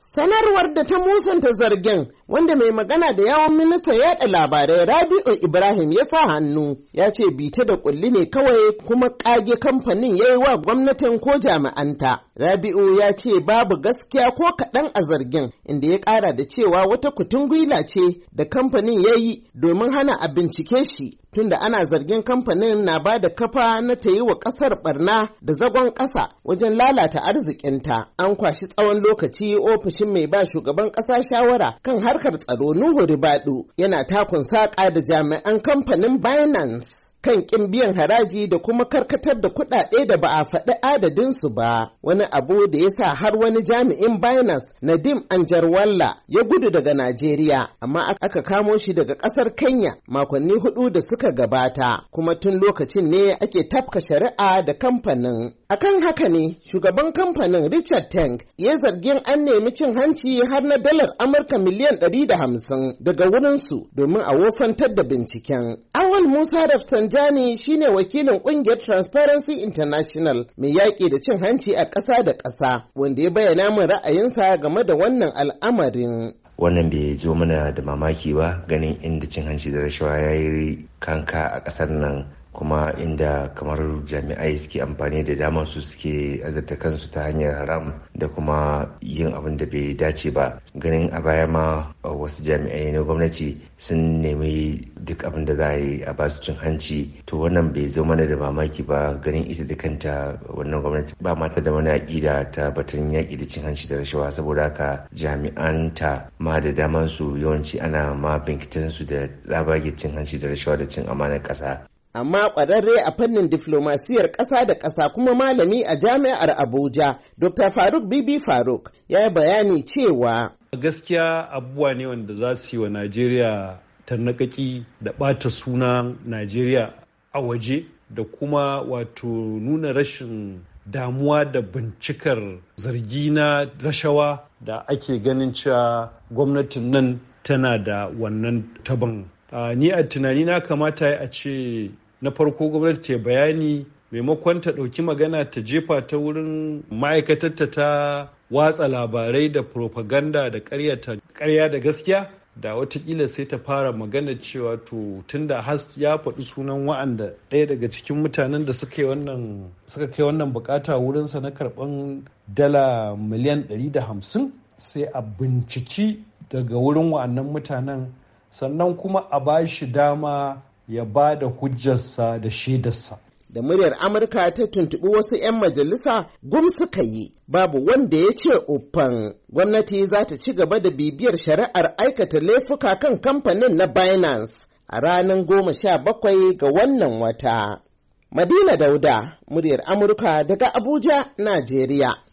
Sanarwar da ta musanta zargin wanda mai magana da yawon minista yaɗa labarai Rabi'u Ibrahim ya sa hannu ya ce bita da kulli ne kawai kuma ƙage kamfanin ya yi wa gwamnatin ko jami'anta. Rabi'u ya ce babu gaskiya ko kaɗan a zargin inda ya ƙara da cewa wata kutungwila ce da kamfanin ya yi domin hana a bincike shi tunda ana zargin kamfanin na ba da kafa na ta yi wa ƙasar barna da zagon ƙasa wajen lalata arzikinta. An kwashi tsawon lokaci ofishin mai ba shugaban ƙasa shawara kan harkar tsaro Nuhu Ribadu yana takun saƙa da jami'an kamfanin Binance. kan ƙin biyan haraji da kuma karkatar da kuɗaɗe da ba a faɗi adadinsu ba wani abu da ya sa har wani jami'in binance nadim anjarwalla ya gudu daga najeriya amma aka kamo shi daga ƙasar kenya makonni hudu da suka gabata kuma tun lokacin ne ake tafka shari'a da kamfanin akan haka ne shugaban kamfanin richard Tang, ya zargin an nemi cin hanci har na dalar amurka miliyan 150 daga wurinsu domin a wofantar da binciken Lawal Musa daftanjani shine wakilin kungiyar Transparency International mai yaƙi da cin hanci a ƙasa da ƙasa wanda ya bayyana min ra'ayinsa game da wannan al'amarin. Wannan bai zo mana da mamaki ba ganin inda cin hanci da rashawa ya yi kanka a ƙasar nan kuma inda kamar jami'ai suke amfani da damar su suke azarta kansu ta hanyar haram da kuma yin abin da bai dace ba ganin a baya ma wasu jami'ai na gwamnati sun nemi duk abin da za a yi a basu cin hanci to wannan bai zo mana da mamaki ba ganin ita da kanta wannan gwamnati ba mata da wani aƙida ta batun yaƙi da cin hanci da rashawa saboda haka jami'an ta ma da daman su yawanci ana ma binkitan da tsabage cin hanci da rashawa da cin amanar ƙasa amma ƙwararre a fannin diflomasiyar ƙasa da ƙasa kuma malami a jami'ar Abuja, Dr. Faruk Bibi Faruk ya yi bayani cewa. Gaskiya abubuwa ne wanda za su yi wa Najeriya ta naƙaƙi da ɓata suna Najeriya a waje da kuma wato nuna rashin damuwa da bincikar zargi na rashawa da ake ganin cewa gwamnatin nan tana da wannan taban Uh, ni a na kamata a ce na farko gwamnati yi bayani maimakon ta ɗauki magana ta jefa ta wurin ma'aikatarta ta watsa labarai da propaganda da ƙarya da gaskiya da watakila sai ta fara magana cewa to tunda has ya faɗi sunan wa'anda ɗaya daga cikin mutanen da suka suka kai wannan bukata wurinsa na karɓan dala miliyan ɗari da hamsin sai a binciki daga wurin wa'annan mutanen sannan kuma a ba shi dama ya ba da hujjarsa da shaidarsa. Da muryar Amurka ta tuntuɓi wasu 'yan majalisa gum suka yi, babu wanda ya ce uffan. Gwamnati za ta ci gaba da bibiyar shari'ar aikata laifuka kan kamfanin na Binance a ranar goma sha bakwai ga wannan wata. Madina Dauda, muryar Amurka daga Abuja, Najeriya.